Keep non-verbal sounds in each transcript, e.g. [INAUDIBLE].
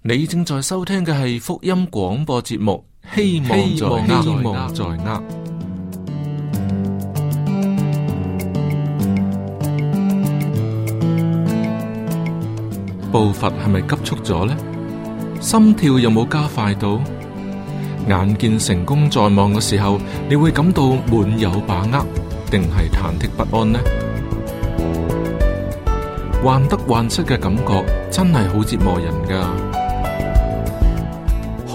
你正在收聽嘅係福音廣播節目，希望希望在握。步伐係咪急促咗呢？心跳有冇加快到？眼見成功在望嘅時候，你會感到滿有把握，定係忐忑不安呢？患得患失嘅感覺真係好折磨人噶。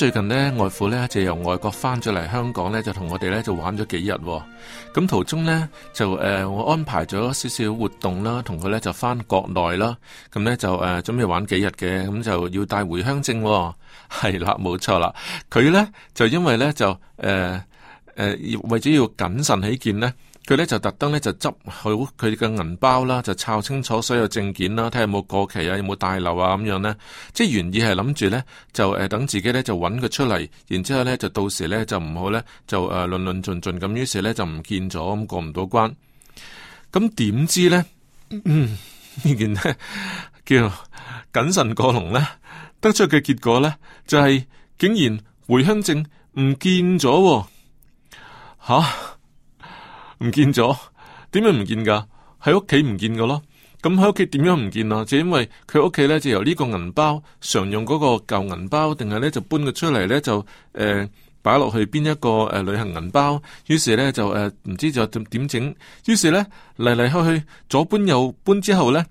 最近呢，外父呢就由外國翻咗嚟香港呢就同我哋呢就玩咗幾日，哦。咁、嗯、途中呢，就誒、呃，我安排咗少少活動啦，同佢呢就翻國內啦。咁呢，就誒、嗯呃，準備玩幾日嘅，咁、嗯、就要帶回鄉證，哦。係啦，冇錯啦。佢呢，就因為呢，就誒誒、呃呃，為咗要謹慎起見呢。佢呢就特登呢就執好佢嘅銀包啦，就抄清楚所有證件啦，睇下有冇過期啊，有冇大漏啊咁樣呢。即係原意係諗住呢，就誒、呃、等自己呢，就搵佢出嚟，然之後呢就到時呢，就唔好呢，就誒論論盡盡咁，於是呢，就唔見咗咁過唔到關。咁點知呢？呢件呢，叫謹慎過龍呢，得出嘅結果呢，就係、是、竟然回鄉證唔見咗吓、啊。啊唔見咗，點樣唔見噶？喺屋企唔見噶咯。咁喺屋企點樣唔見啊？就因為佢屋企咧就由呢個銀包常用嗰個舊銀包，定係咧就搬佢出嚟咧就誒擺落去邊一個誒旅行銀包。於、呃呃呃呃、是咧就誒唔知就點整。於是咧嚟嚟去去，左搬右搬之後咧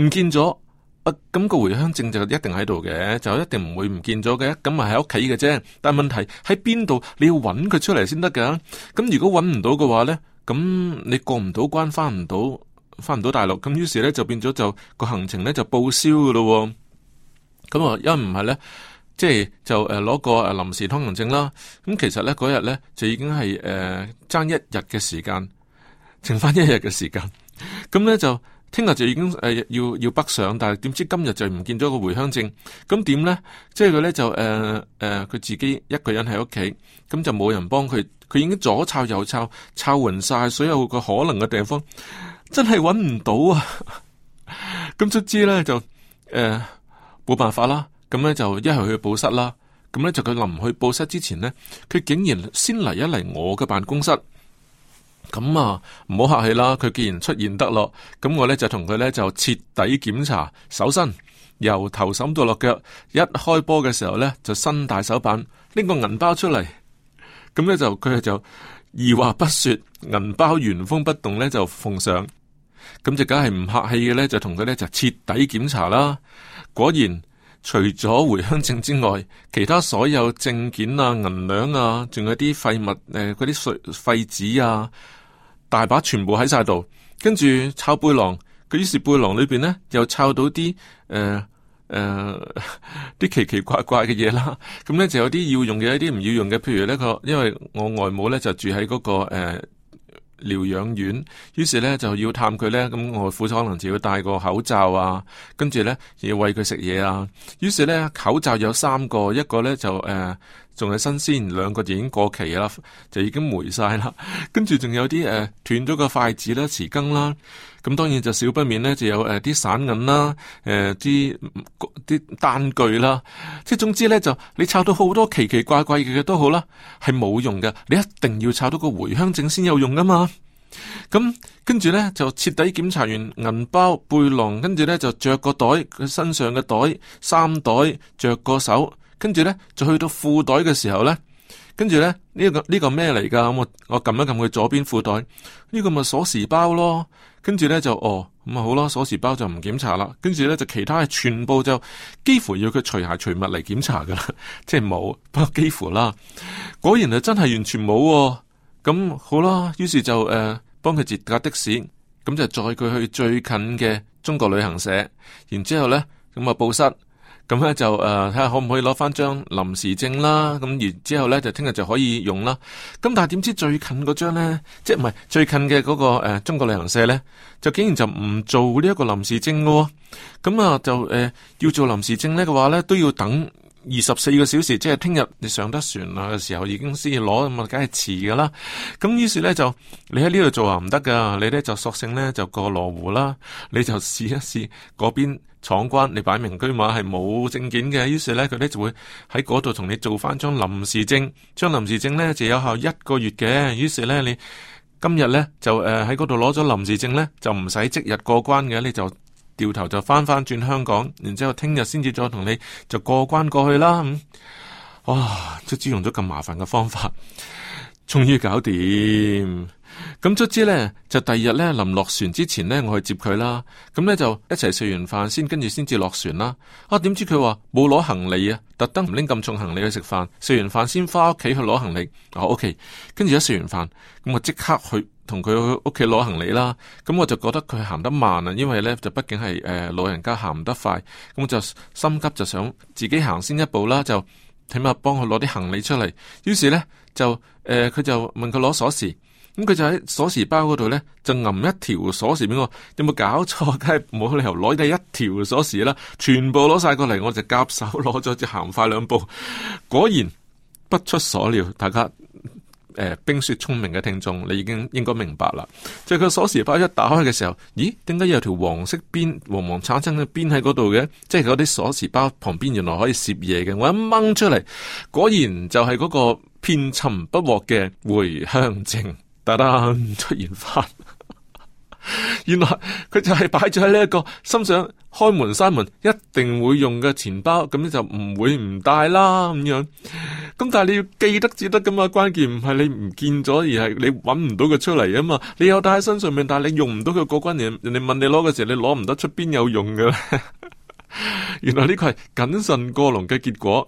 唔見咗。咁、啊嗯，那個回鄉證就一定喺度嘅，就一定唔會唔見咗嘅。咁咪喺屋企嘅啫。但係問題喺邊度？你要揾佢出嚟先得噶。咁如果揾唔到嘅話咧？咁、嗯、你過唔到關，翻唔到翻唔到大陸，咁於是咧就變咗就個行程咧就報銷噶咯。咁啊，因為唔係咧，即係就誒攞個誒臨時通行證啦。咁其實咧嗰日咧就已經係誒爭一日嘅時間，剩翻一日嘅時間。咁、嗯、咧就。聽日就已經誒要要北上，但係點知今日就唔見咗個回鄉證，咁點呢？即係佢呢就誒誒，佢自己一個人喺屋企，咁就冇人幫佢。佢已經左抄右抄，抄勻曬所有個可能嘅地方，真係揾唔到啊！咁卒之呢就誒冇辦法啦，咁呢就一係去報失啦。咁呢就佢臨去報失之前呢，佢竟然先嚟一嚟我嘅辦公室。咁啊，唔好客氣啦！佢既然出現得咯，咁我呢就同佢呢就徹底檢查手身，由頭審到落腳。一開波嘅時候呢就伸大手板，拎個銀包出嚟。咁呢，就佢就二話不說，銀包原封不動呢就奉上。咁就梗係唔客氣嘅呢，就同佢呢就徹底檢查啦。果然。除咗回鄉證之外，其他所有證件啊、銀兩啊，仲有啲廢物，誒、呃，嗰啲碎廢紙啊，大把全部喺晒度。跟住抄背囊，佢於是背囊裏邊咧又抄到啲誒誒啲奇奇怪怪嘅嘢啦。咁 [LAUGHS] 咧、嗯、就有啲要用嘅，有一啲唔要用嘅，譬如呢個，因為我外母咧就住喺嗰、個誒。呃療養院，於是咧就要探佢咧，咁外父可能就要戴個口罩啊，跟住咧要餵佢食嘢啊，於是咧口罩有三個，一個咧就誒。呃仲係新鮮，兩個字已經過期啦，就已經霉晒啦。跟住仲有啲誒、呃、斷咗個筷子啦、匙羹啦。咁當然就少不免呢，就有誒啲、呃、散銀啦、誒啲啲單據啦。即係總之呢，就你抄到好多奇奇怪怪嘅嘢都好啦，係冇用嘅。你一定要抄到個回鄉證先有用噶嘛。咁跟住呢，就徹底檢查完銀包、背囊，跟住呢，就着個袋，佢身上嘅袋、衫袋着個手。跟住咧就去到褲袋嘅時候咧，跟住咧呢、這個呢、這個咩嚟噶？咁我我撳一撳佢左邊褲袋，呢、這個咪鎖匙包咯。跟住咧就哦，咁啊，好啦，鎖匙包就唔檢查啦。跟住咧就其他全部就幾乎要佢除鞋除襪嚟檢查噶啦，即係冇，不過幾乎啦。果然就真係完全冇、哦。咁好啦，於是就誒、呃、幫佢截架的士，咁就載佢去最近嘅中國旅行社。然之後咧，咁啊，報失。咁咧、嗯、就誒，睇、呃、下可唔可以攞翻張臨時證啦，咁、嗯、然之後咧就聽日就可以用啦。咁、嗯、但係點知最近嗰張咧，即係唔係最近嘅嗰、嗰個誒、呃、中國旅行社咧，就竟然就唔做呢一個臨時證嘅。咁、嗯、啊、嗯、就誒、呃，要做臨時證咧嘅話咧，都要等二十四個小時，即係聽日你上得船啊嘅時候，已經先要攞，咁啊梗係遲噶啦。咁、嗯、於是咧就你喺呢度做啊唔得噶，你咧就索性咧就過羅湖啦，你就試一試嗰邊。闖關，你擺明居馬係冇證件嘅，於是呢，佢呢就會喺嗰度同你做翻張臨時證，張臨時證呢，就有效一個月嘅。於是呢，你今日呢，就誒喺嗰度攞咗臨時證呢，就唔使即日過關嘅，你就掉頭就翻翻轉香港，然之後聽日先至再同你就過關過去啦。哇、嗯，卒之用咗咁麻煩嘅方法。終於搞掂，咁卒之呢，就第二日呢，臨落船之前呢，我去接佢啦。咁呢，就一齊食完飯先，跟住先至落船啦。啊，點知佢話冇攞行李啊，特登唔拎咁重行李去食飯，食完飯先翻屋企去攞行李。啊，OK，跟住一食完飯，咁我即刻去同佢去屋企攞行李啦。咁我就覺得佢行得慢啊，因為呢，就畢竟係誒、呃、老人家行唔得快，咁就心急就想自己行先一步啦，就起碼幫佢攞啲行李出嚟。於是呢，就。誒，佢、呃、就問佢攞鎖匙，咁、嗯、佢就喺鎖匙包嗰度咧，就揞一條鎖匙俾我。有冇搞錯？梗係冇理由攞第一條鎖匙啦，全部攞晒過嚟，我就夾手攞咗，就行快兩步。果然不出所料，大家誒、呃，冰雪聰明嘅聽眾，你已經應該明白啦。就佢、是、鎖匙包一打開嘅時候，咦？點解有條黃色邊黃黃橙橙嘅邊喺嗰度嘅？即係嗰啲鎖匙包旁邊原來可以攝嘢嘅。我一掹出嚟，果然就係嗰、嗰個遍尋不獲嘅回鄉證突然出現翻， [LAUGHS] 原來佢就係擺咗喺呢一個心想開門閂門一定會用嘅錢包，咁你就唔會唔帶啦咁樣。咁但係你要記得至得噶嘛，關鍵唔係你唔見咗，而係你搵唔到佢出嚟啊嘛。你有帶喺身上面，但係你用唔到佢嗰關人，人哋問你攞嘅時候，你攞唔得出，邊有用嘅咧？ [LAUGHS] 原來呢個係謹慎過龍嘅結果。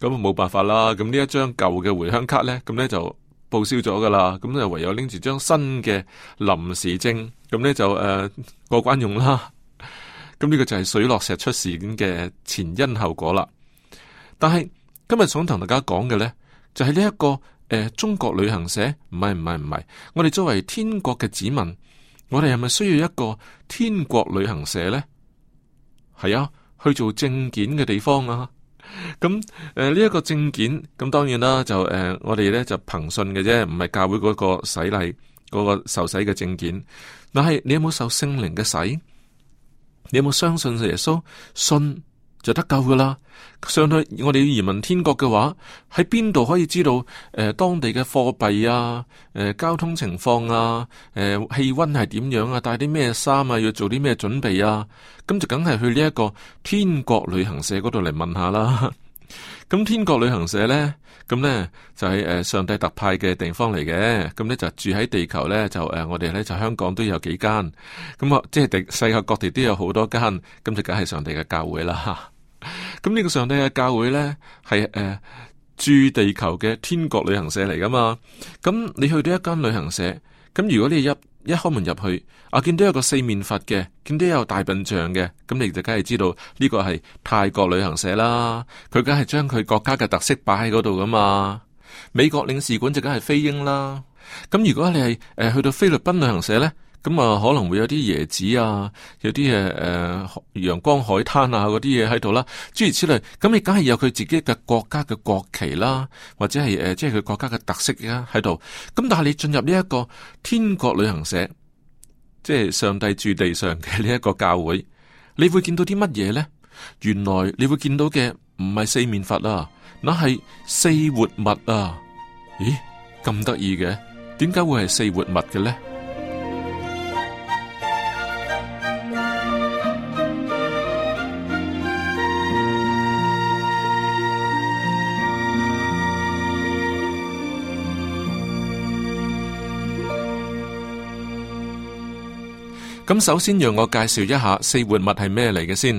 咁啊，冇辦法啦。咁呢一張舊嘅回鄉卡呢，咁呢就報銷咗噶啦。咁就唯有拎住張新嘅臨時證，咁呢就誒、呃、過關用啦。咁 [LAUGHS] 呢個就係水落石出事件嘅前因後果啦。但係今日想同大家講嘅呢，就係呢一個誒、呃，中國旅行社唔係唔係唔係，我哋作為天國嘅子民，我哋係咪需要一個天國旅行社呢？係啊，去做證件嘅地方啊。咁誒，呢一個證件，咁當然啦，就誒，我哋咧就憑信嘅啫，唔係教會嗰個洗禮嗰個受洗嘅證件，但係你有冇受聖靈嘅洗？你有冇相信耶穌信？就得救噶啦。上去我哋要移民天國嘅話，喺邊度可以知道誒、呃、當地嘅貨幣啊、誒、呃、交通情況啊、誒氣溫係點樣啊？帶啲咩衫啊？要做啲咩準備啊？咁就梗係去呢一個天國旅行社嗰度嚟問下啦。咁 [LAUGHS] 天國旅行社咧，咁咧就係、是、誒上帝特派嘅地方嚟嘅。咁咧就住喺地球咧就誒、呃、我哋咧就香港都有幾間，咁啊即係地世界各地都有好多間。咁就梗係上帝嘅教會啦。咁呢個上帝嘅教會呢，係誒住地球嘅天國旅行社嚟噶嘛？咁、嗯、你去到一間旅行社，咁、嗯、如果你入一,一開門入去，啊見到有個四面佛嘅，見到有大笨象嘅，咁、嗯、你就梗係知道呢、呢個係泰國旅行社啦。佢梗係將佢國家嘅特色擺喺嗰度噶嘛。美國領事館就梗係飛鷹啦。咁、嗯、如果你係誒、呃、去到菲律賓旅行社呢。咁啊，可能會有啲椰子啊，有啲誒誒陽光海灘啊，嗰啲嘢喺度啦，諸如此類。咁你梗係有佢自己嘅國家嘅國旗啦，或者係誒、呃，即係佢國家嘅特色啊喺度。咁但係你進入呢一個天國旅行社，即係上帝住地上嘅呢一個教會，你會見到啲乜嘢咧？原來你會見到嘅唔係四面佛啊，那係四活物啊。咦，咁得意嘅，點解會係四活物嘅咧？咁首先讓我介紹一下四活物係咩嚟嘅先。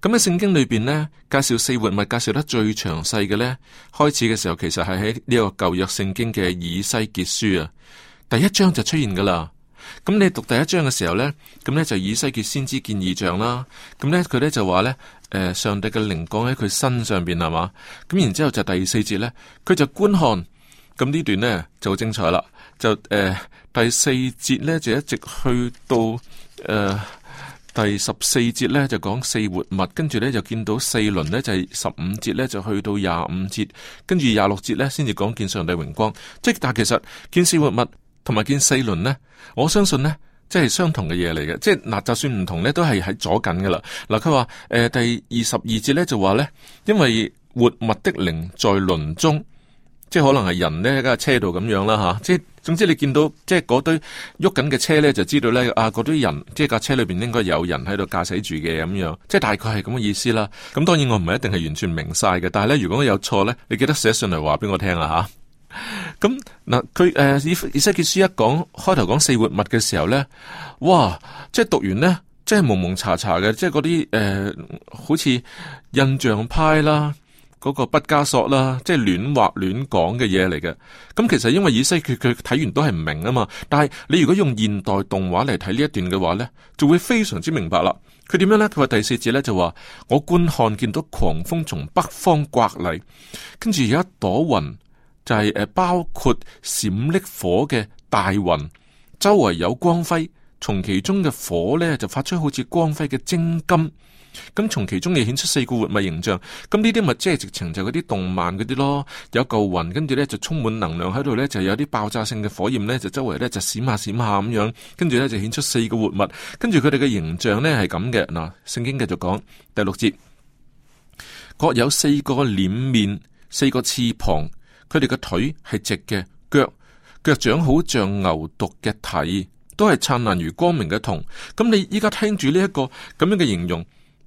咁喺聖經裏邊呢，介紹四活物介紹得最詳細嘅呢，開始嘅時候其實係喺呢個舊約聖經嘅以西結書啊，第一章就出現噶啦。咁你讀第一章嘅時候呢，咁呢就以西結先知見異象啦。咁呢，佢、呃、呢就話呢：「誒，上帝嘅靈降喺佢身上邊係嘛。」咁然之後就第四節呢，佢就觀看。咁呢段呢就好精彩啦。就誒、呃、第四節呢，就一直去到。誒、呃，第十四節咧就講四活物，跟住咧就見到四輪咧，就係、是、十五節咧就去到廿五節，跟住廿六節咧先至講見上帝榮光。即係但係其實見四活物同埋見四輪咧，我相信咧即係相同嘅嘢嚟嘅。即係嗱、呃呃，就算唔同咧，都係喺左近噶啦。嗱，佢話誒，第二十二節咧就話咧，因為活物的靈在輪中。即係可能係人咧，喺架車度咁樣啦吓。即係總之你見到即係嗰堆喐緊嘅車咧，就知道咧啊嗰堆人，即係架車裏邊應該有人喺度駕駛住嘅咁樣。即係大概係咁嘅意思啦。咁、啊、當然我唔係一定係完全明晒嘅，但係咧如果我有錯咧，你記得寫信嚟話俾我聽啊吓。咁嗱，佢誒以以西結書一講開頭講四活物嘅時候咧，哇！即係讀完咧，即係蒙蒙查查嘅，即係嗰啲誒，好似印象派啦。嗰個畢加索啦，即係亂畫亂講嘅嘢嚟嘅。咁其實因為以西結佢睇完都係唔明啊嘛。但係你如果用現代動畫嚟睇呢一段嘅話呢，就會非常之明白啦。佢點樣呢？佢話第四節呢，就話，我觀看見到狂風從北方刮嚟，跟住有一朵雲就係、是、誒包括閃爍火嘅大雲，周圍有光輝，從其中嘅火呢，就發出好似光輝嘅精金。咁從其中亦顯出四個活物形象，咁呢啲咪即係直情就嗰啲動漫嗰啲咯。有嚿雲跟住呢就充滿能量喺度呢就有啲爆炸性嘅火焰呢就周圍呢就閃下閃下咁樣，跟住呢就顯出四個活物，跟住佢哋嘅形象呢係咁嘅嗱。聖經繼續講第六節，各有四個臉面，四個翅膀，佢哋嘅腿係直嘅，腳腳掌好像牛犢嘅體，都係燦爛如光明嘅銅。咁你依家聽住呢一個咁樣嘅形容。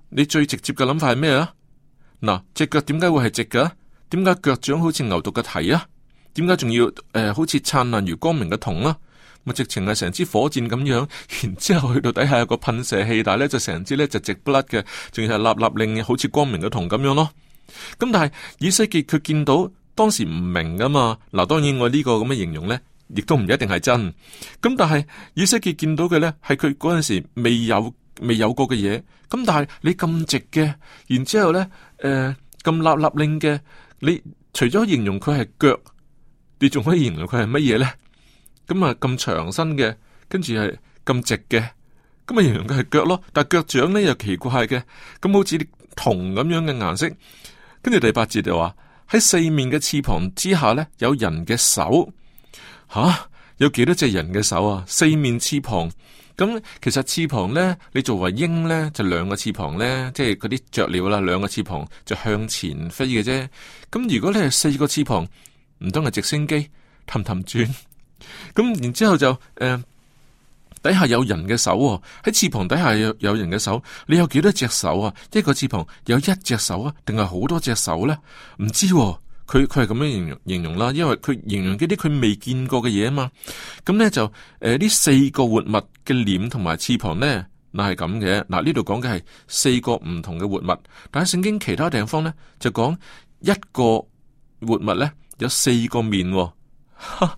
你最直接嘅諗法係咩啊？嗱，隻腳點解會係直㗎？點解腳掌好似牛犢嘅蹄啊？點解仲要誒、呃，好似燦爛如光明嘅銅啦？咪、嗯、直情係成支火箭咁樣，然之後去到底下有個噴射器，但係咧就成支咧就直不甩嘅，仲要係立立令好似光明嘅銅咁樣咯。咁、嗯、但係以西結佢見到當時唔明噶嘛？嗱，當然我呢個咁嘅形容咧，亦都唔一定係真。咁、嗯、但係以西結見到嘅咧，係佢嗰陣時未有。未有過嘅嘢，咁但係你咁直嘅，然之後咧，誒咁立立令嘅，你除咗形容佢係腳，你仲可以形容佢係乜嘢咧？咁啊咁長身嘅，跟住係咁直嘅，咁啊形容佢係腳咯。但係腳掌咧又奇怪嘅，咁好似啲銅咁樣嘅顏色。跟住第八節就話喺四面嘅翅膀之下咧，有人嘅手吓。有幾多隻人嘅手啊？四面翅膀，咁、嗯、其實翅膀呢，你作為鷹呢，就兩個翅膀呢，即係嗰啲雀鳥啦，兩個翅膀就向前飛嘅啫。咁、嗯、如果你係四個翅膀，唔通係直升機，氹氹轉。咁、 [LAUGHS] 嗯、然之後就誒、呃，底下有人嘅手喎、啊，喺翅膀底下有人嘅手。你有幾多隻手啊？一個翅膀有一隻手啊，定係好多隻手呢？唔知、啊。佢佢係咁樣形容形容啦，因為佢形容嗰啲佢未見過嘅嘢啊嘛，咁咧就誒呢、呃、四個活物嘅臉同埋翅膀咧，嗱係咁嘅，嗱呢度講嘅係四個唔同嘅活物，但係聖經其他地方咧就講一個活物咧有四個面、哦，哈。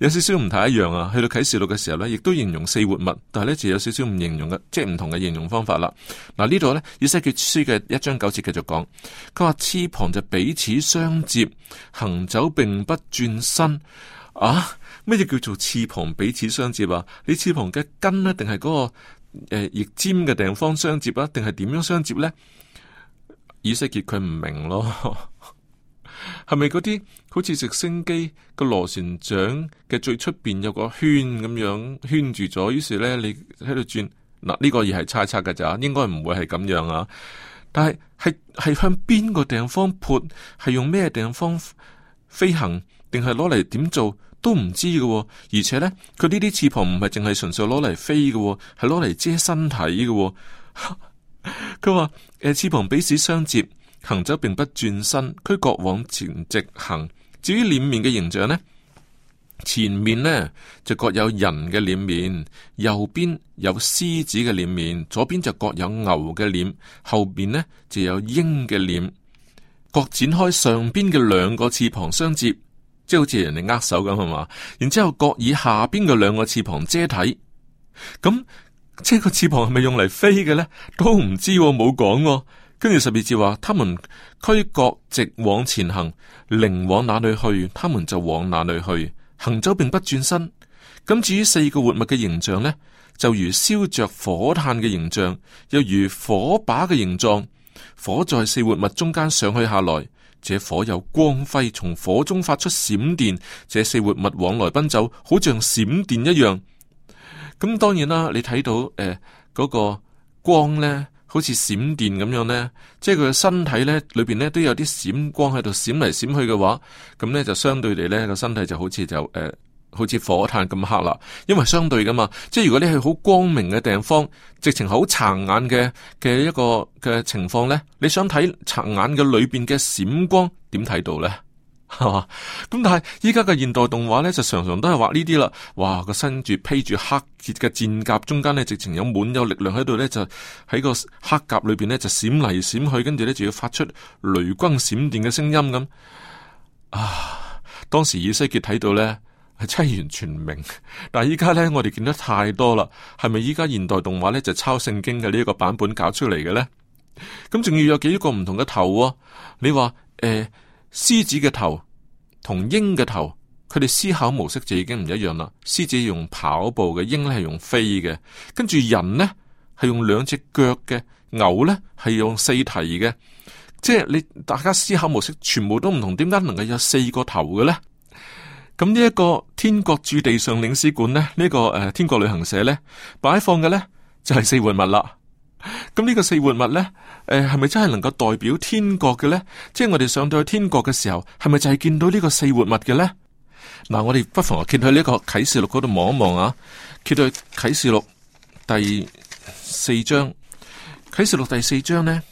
有少少唔太一樣啊！去到啟示錄嘅時候咧，亦都形容四活物，但係咧就有少少唔形容嘅，即係唔同嘅形容方法啦。嗱、啊、呢度咧，以西結書嘅一章九節繼續講，佢話翅膀就彼此相接，行走並不轉身。啊，咩嘢叫做翅膀彼此相接啊？你翅膀嘅根咧，定係嗰個呃、翼尖嘅地方相接啊？定係點樣相接呢？以西結佢唔明咯。係咪，嗰啲好似直升機個螺旋槳嘅最出邊有個圈咁樣圈住咗，於是咧你喺度轉。嗱，呢個嘢係猜測嘅咋，應該唔會係咁樣啊。但係，係係向邊個地方撥？係用咩地方飛行？定係攞嚟點做都唔知嘅，哦。而且咧，佢呢啲翅膀唔係淨係純粹攞嚟飛嘅，係攞嚟遮身體嘅，哦。佢話誒，翅膀彼此相接。行走並不轉身，俱各往前直行。至於臉面嘅形象呢？前面呢就各有人嘅臉面，右邊有獅子嘅臉面，左邊就各有牛嘅臉，後邊呢就有鷹嘅臉。各展開上邊嘅兩個翅膀相接，即係好似人哋握手咁係嘛？然之後各以下邊嘅兩個翅膀遮體，咁即係個翅膀係咪用嚟飛嘅呢？都唔知冇講喎。跟住十二節話，他們俱各直往前行，靈往哪裏去，他們就往哪裏去，行走並不轉身。咁至於四個活物嘅形象呢，就如燒着火炭嘅形象，又如火把嘅形狀，火在四活物中間上去下來，這火有光輝，從火中發出閃電，這四活物往來奔走，好像閃電一樣。咁當然啦，你睇到誒嗰、呃那個光呢？好似閃電咁樣呢，即係佢嘅身體呢裏邊呢都有啲閃光喺度閃嚟閃去嘅話，咁呢就相對嚟呢，個身體就好似就誒、呃，好似火炭咁黑啦。因為相對噶嘛，即係如果你去好光明嘅地方，直情好殘眼嘅嘅一個嘅情況呢，你想睇殘眼嘅裏邊嘅閃光點睇到呢？係嘛？咁、嗯、但係依家嘅現代動畫咧，就常常都係畫呢啲啦。哇！個身住披住黑鐵嘅戰甲，中間呢直情有滿有力量喺度咧，就喺個黑甲裏邊呢，就閃嚟閃去，跟住咧就要發出雷光閃電嘅聲音咁。啊！當時以西結睇到咧，真係完全唔明。但係依家咧，我哋見得太多啦。係咪依家現代動畫咧就是抄聖經嘅呢一個版本搞出嚟嘅咧？咁、嗯、仲要有幾個唔同嘅頭啊、哦？你話誒？欸獅子嘅頭同鷹嘅頭，佢哋思考模式就已經唔一樣啦。獅子用跑步嘅，鷹呢係用飛嘅，跟住人呢係用兩隻腳嘅，牛呢係用四蹄嘅。即係你大家思考模式全部都唔同，點解能夠有四個頭嘅呢？咁呢一個天國駐地上領事館呢，呢、這個誒天國旅行社呢，擺放嘅呢，就係、是、四活物物啦。咁呢、嗯呢個四活物呢，誒、呃，係咪真係能夠代表天國嘅呢？即係我哋上到去天國嘅時候，係咪就係見到呢個四活物嘅呢？嗱、啊，我哋不妨啊，揭去呢個啟示錄嗰度望一望啊。揭去啟示錄第四章，啟示錄第四章呢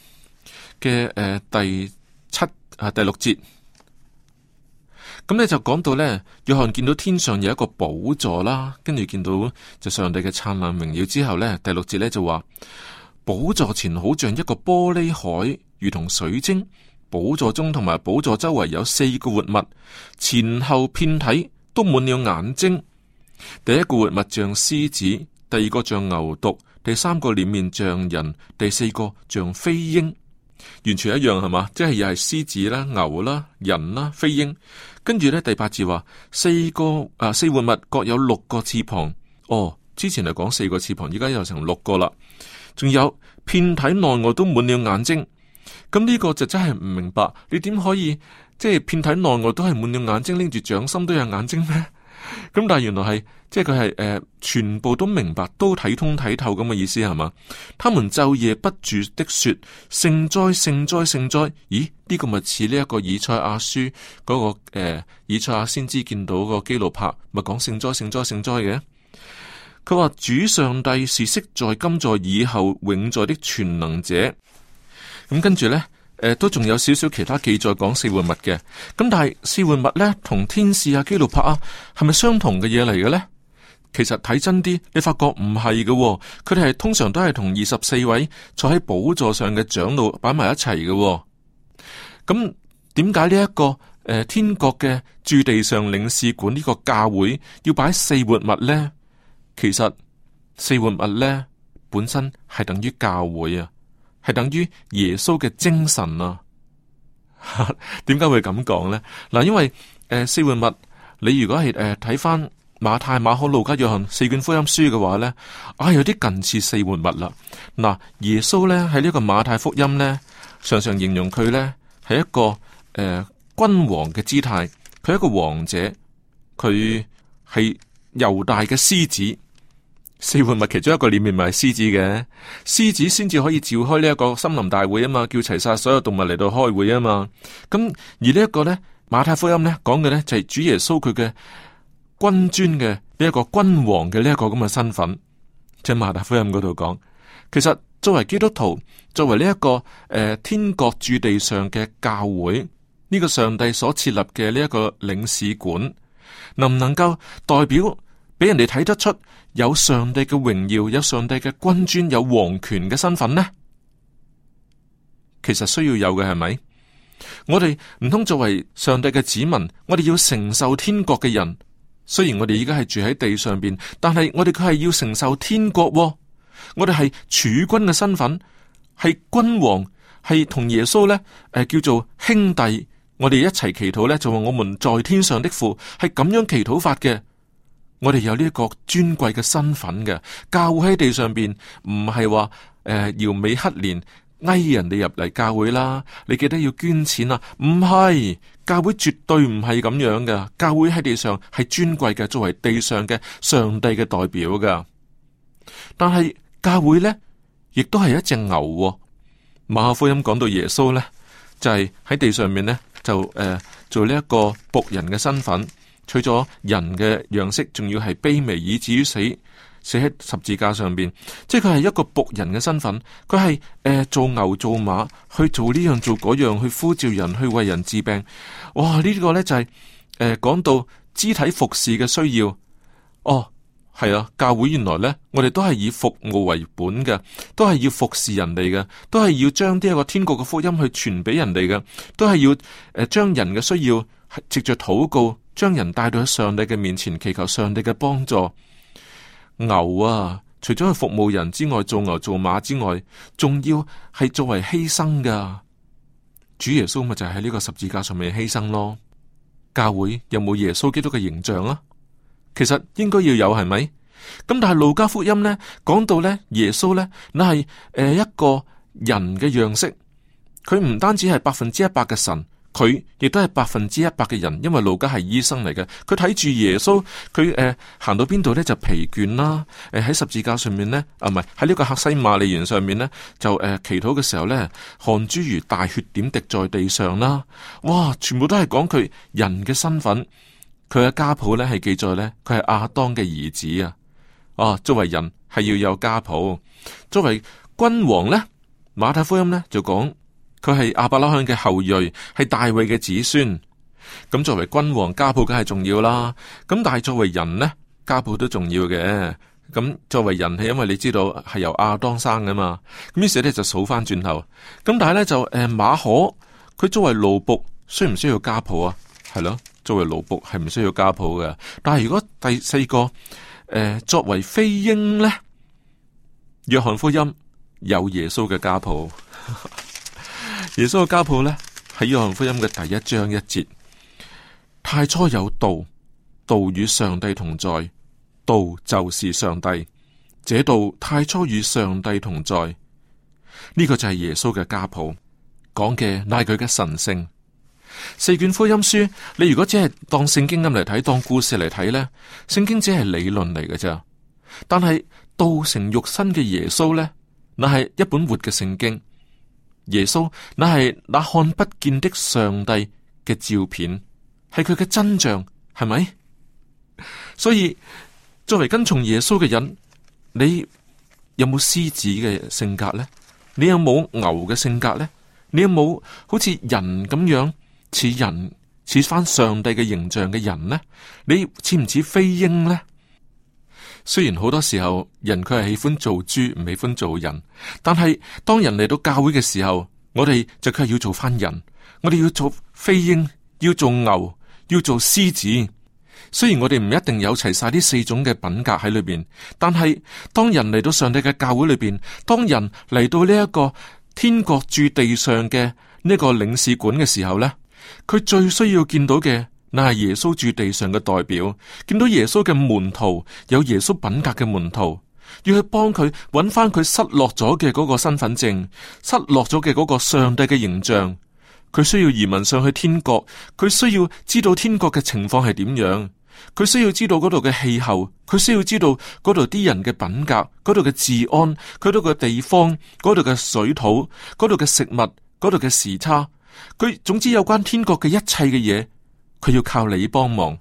嘅誒、呃、第七啊第六節，咁咧就講到呢：「約翰見到天上有一個寶座啦，跟住見到就上帝嘅燦爛榮耀之後呢，第六節呢就話。寶座前好像一個玻璃海，如同水晶。寶座中同埋寶座周圍有四個活物，前後遍體都滿了眼睛。第一個活物像獅子，第二個像牛犢，第三個臉面像人，第四個像飛鷹，完全一樣係咪？即係又係獅子啦、牛啦、人啦、飛鷹。跟住呢，第八字話四個啊四活物各有六個翅膀。哦，之前係講四個翅膀，依家又成六個啦。仲有片體內外都滿了眼睛，咁呢個就真係唔明白，你點可以即係片體內外都係滿了眼睛，拎住掌心都有眼睛呢？咁 [LAUGHS] 但係原來係即係佢係誒，全部都明白，都睇通睇透咁嘅意思係嘛？他們晝夜不住的說聖哉聖哉聖哉，咦？呢、這個咪似呢一個以賽亞書嗰、那個誒、呃，以賽亞先知見到個基路伯咪講聖哉聖哉聖哉嘅？佢話主上帝是昔在今在以後永在的全能者。咁、嗯、跟住呢，呃、都仲有少少其他記載講四活物嘅。咁、嗯、但係四活物呢，同天使啊、基路柏啊，係咪相同嘅嘢嚟嘅呢？其實睇真啲，你發覺唔係嘅。佢哋係通常都係同二十四位坐喺寶座上嘅長老擺埋一齊嘅、哦。咁點解呢一個誒、呃，天國嘅駐地上領事館呢個教會要擺四活物呢？其實四活物咧，本身係等於教會啊，係等於耶穌嘅精神啊。點 [LAUGHS] 解會咁講呢？嗱，因為誒、呃、四活物，你如果係誒睇翻馬太、馬可、路加、約翰四卷福音書嘅話咧，啊有啲近似四活物啦。嗱、呃，耶穌咧喺呢個馬太福音咧，常常形容佢咧係一個誒、呃、君王嘅姿態，佢係一個王者，佢係猶大嘅獅子。四活物其中一個裏面咪係獅子嘅獅子，先至可以召開呢一個森林大會啊嘛，叫齊晒所有動物嚟到開會啊嘛，咁而呢一個咧，馬太福音咧講嘅咧就係、是、主耶穌佢嘅君尊嘅呢一個君王嘅呢一個咁嘅身份。喺、就是、馬太福音嗰度講，其實作為基督徒，作為呢、這、一個誒、呃、天國駐地上嘅教會，呢、這個上帝所設立嘅呢一個領事館，能唔能夠代表俾人哋睇得出？有上帝嘅榮耀，有上帝嘅君尊，有皇權嘅身份呢？其實需要有嘅係咪？我哋唔通作為上帝嘅子民，我哋要承受天國嘅人。雖然我哋而家係住喺地上邊，但係我哋佢係要承受天國哦。我哋係儲君嘅身份，係君王，係同耶穌呢誒、呃、叫做兄弟。我哋一齊祈禱呢，就話我們在天上的父係咁樣祈禱法嘅。我哋有呢一個尊貴嘅身份嘅教會喺地上邊，唔係話誒搖尾乞憐，拉人哋入嚟教會啦。你記得要捐錢啊，唔係，教會絕對唔係咁樣嘅。教會喺地上係尊貴嘅，作為地上嘅上帝嘅代表噶。但係教會呢，亦都係一隻牛啊。馬可福音講到耶穌呢，就係、是、喺地上面呢，就誒、呃、做呢一個僕人嘅身份。除咗人嘅樣式，仲要係卑微，以至於死，死喺十字架上邊。即係佢係一個僕人嘅身份，佢係誒做牛做馬去做呢樣做嗰樣，去呼召人去為人治病。哇、哦！呢、這個呢就係誒講到肢體服侍嘅需要。哦，係啊，教會原來呢，我哋都係以服務為本嘅，都係要服侍人哋嘅，都係要將呢一個天國嘅福音去傳俾人哋嘅，都係要誒將、呃、人嘅需要藉着禱告。將人帶到喺上帝嘅面前，祈求上帝嘅幫助。牛啊，除咗去服務人之外，做牛做馬之外，仲要係作為犧牲噶。主耶穌咪就係喺呢個十字架上面犧牲咯。教會有冇耶穌基督嘅形象啊？其實應該要有，係咪？咁但係路加福音呢講到呢，耶穌呢，那係誒一個人嘅樣式，佢唔單止係百分之一百嘅神。佢亦都係百分之一百嘅人，因為路加係醫生嚟嘅。佢睇住耶穌，佢誒行到邊度呢？就疲倦啦。誒、呃、喺十字架上面呢，啊唔係喺呢個客西馬尼園上面呢，就誒、呃、祈禱嘅時候呢，汗珠如大血點滴在地上啦。哇！全部都係講佢人嘅身份。佢嘅家譜呢係記載呢，佢係亞當嘅兒子啊。啊，作為人係要有家譜。作為君王呢，馬太福音呢就講。佢係亞伯拉罕嘅後裔，係大衛嘅子孫。咁、嗯、作為君王，家譜梗係重要啦。咁、嗯、但係作為人呢，家譜都重要嘅。咁、嗯、作為人，係因為你知道係由亞當生噶嘛。咁於是咧就數返轉頭。咁、嗯、但係咧就誒馬可，佢作為奴僕，需唔需要家譜啊？係咯，作為奴僕係唔需要家譜嘅。但係如果第四個誒、呃、作為飛鷹呢，約翰福音有耶穌嘅家譜。 [LAUGHS] 耶穌嘅家譜呢，喺約翰福音嘅第一章一節，太初有道，道與上帝同在，道就是上帝。這道太初與上帝同在，呢、這個就係耶穌嘅家譜，講嘅乃係佢嘅神聖。四卷福音書，你如果只係當聖經咁嚟睇，當故事嚟睇呢，聖經只係理論嚟嘅啫。但係道成肉身嘅耶穌呢，乃係一本活嘅聖經。耶穌乃係那看不見的上帝嘅照片，係佢嘅真像，係咪？所以作為跟從耶穌嘅人，你有冇獅子嘅性格呢？你有冇牛嘅性格呢？你有冇好似人咁樣似人似翻上帝嘅形象嘅人呢？你似唔似飛鷹呢？雖然好多時候人佢係喜歡做豬唔喜歡做人，但係當人嚟到教會嘅時候，我哋就梗係要做翻人，我哋要做飛鷹，要做牛，要做獅子。雖然我哋唔一定有齊晒呢四種嘅品格喺裏邊，但係當人嚟到上帝嘅教會裏邊，當人嚟到呢一個天國駐地上嘅呢個領事館嘅時候呢，佢最需要見到嘅那係耶穌住地上嘅代表，見到耶穌嘅門徒，有耶穌品格嘅門徒，要去幫佢揾翻佢失落咗嘅嗰個身份證，失落咗嘅嗰個上帝嘅形象。佢需要移民上去天國，佢需要知道天國嘅情況係點樣，佢需要知道嗰度嘅氣候，佢需要知道嗰度啲人嘅品格，嗰度嘅治安，嗰度嘅地方，嗰度嘅水土，嗰度嘅食物，嗰度嘅時差，佢總之有關天國嘅一切嘅嘢。佢要靠你幫忙。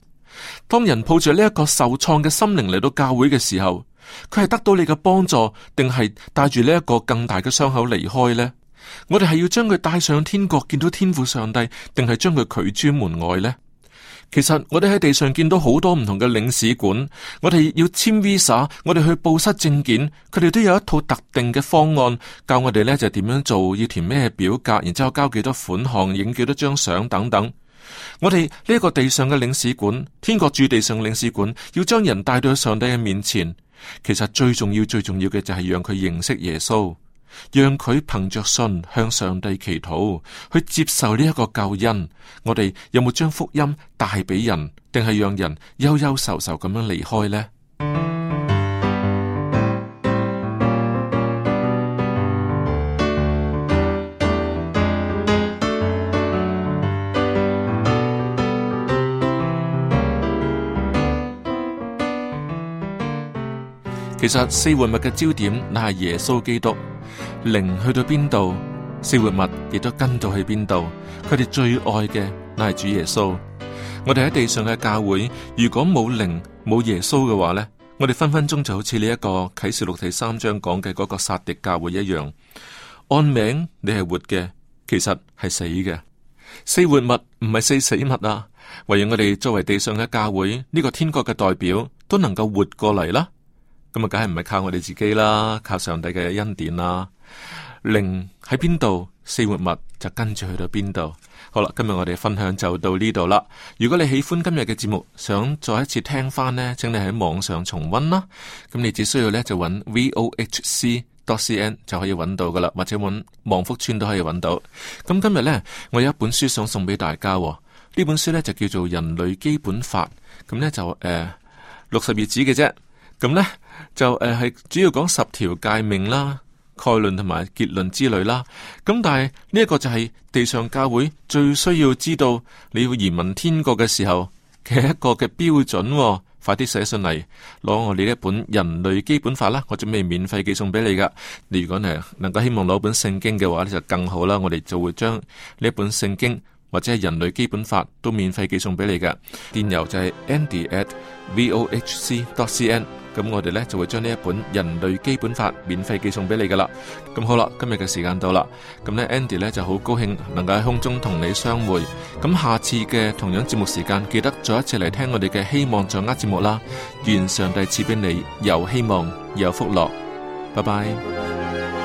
當人抱住呢一個受創嘅心靈嚟到教會嘅時候，佢係得到你嘅幫助，定係帶住呢一個更大嘅傷口離開呢？我哋係要將佢帶上天國，見到天父上帝，定係將佢拒諸門外呢？其實我哋喺地上見到好多唔同嘅領事館，我哋要簽 visa，我哋去報失證件，佢哋都有一套特定嘅方案教我哋呢就點樣做，要填咩表格，然之後交幾多款項，影幾多張相等等。我哋呢一個地上嘅領事館，天國駐地上領事館，要將人帶到上帝嘅面前。其實最重要、最重要嘅就係讓佢認識耶穌，讓佢憑着信向上帝祈禱，去接受呢一個救恩。我哋有冇將福音帶俾人，定係讓人憂憂愁愁咁樣離開呢？其實四活物嘅焦點乃係耶穌基督，靈去到邊度，四活物亦都跟到去邊度。佢哋最愛嘅乃係主耶穌。我哋喺地上嘅教會，如果冇靈冇耶穌嘅話咧，我哋分分鐘就好似呢一個啟示錄第三章講嘅嗰個撒狄教會一樣。按名你係活嘅，其實係死嘅。四活物唔係四死物啦，啊，唯願我哋作為地上嘅教會呢，這個天國嘅代表都能夠活過嚟啦。咁啊，梗係唔係靠我哋自己啦，靠上帝嘅恩典啦。靈喺邊度，四活物就跟住去到邊度。好啦，今日我哋分享就到呢度啦。如果你喜歡今日嘅節目，想再一次聽翻呢，請你喺網上重溫啦。咁你只需要咧就揾 vohc.cn 就可以揾到噶啦，或者揾望福村都可以揾到。咁今日呢，我有一本書想送俾大家，哦。呢本書呢，就叫做《人類基本法》，咁呢，就誒六十頁紙嘅啫。咁呢，就誒係、呃、主要講十條誡命啦、概論同埋結論之類啦。咁但係呢一個就係地上教會最需要知道你要移民天國嘅時候，嘅一個嘅標準、哦。快啲寫信嚟攞我哋呢一本人類基本法啦，我準備免費寄送俾你噶。你如果係能夠希望攞本聖經嘅話，就更好啦。我哋就會將呢一本聖經。或者係人類基本法都免費寄送俾你嘅電郵就係 andy at vohc dot cn，咁我哋呢就會將呢一本人類基本法免費寄送俾你噶啦。咁好啦，今日嘅時間到啦，咁呢 Andy 呢就好高興能夠喺空中同你相會。咁下次嘅同樣節目時間記得再一次嚟聽我哋嘅希望掌握節目啦。願上帝賜俾你又希望又福樂，拜拜。